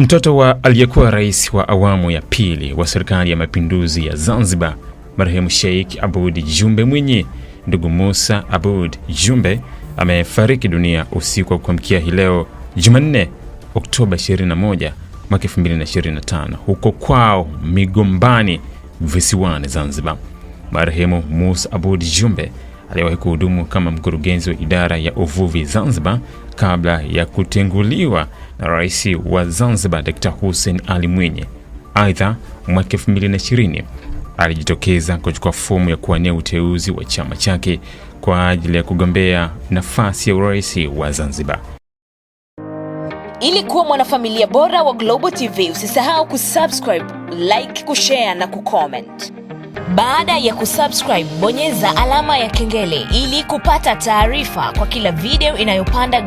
Mtoto wa aliyekuwa rais wa awamu ya pili wa serikali ya mapinduzi ya Zanzibar, marehemu Sheikh abud Jumbe Mwinyi, ndugu Musa abud Jumbe amefariki dunia usiku wa kuamkia hii leo Jumanne, Oktoba 21 mwaka 2025 huko kwao Migombani visiwani Zanzibar. Marehemu Musa abud Jumbe aliyewahi kuhudumu kama mkurugenzi wa idara ya uvuvi Zanzibar kabla ya kutenguliwa na rais wa Zanzibar Dkt. Hussein Ali Mwinyi. Aidha, mwaka 2020 alijitokeza kuchukua fomu ya kuwania uteuzi wa chama chake kwa ajili ya kugombea nafasi ya urais wa Zanzibar. Ili kuwa mwanafamilia bora wa Global TV, usisahau kusubscribe, like, kushare na kucomment. Baada ya kusubscribe, bonyeza alama ya kengele ili kupata taarifa kwa kila video inayopanda.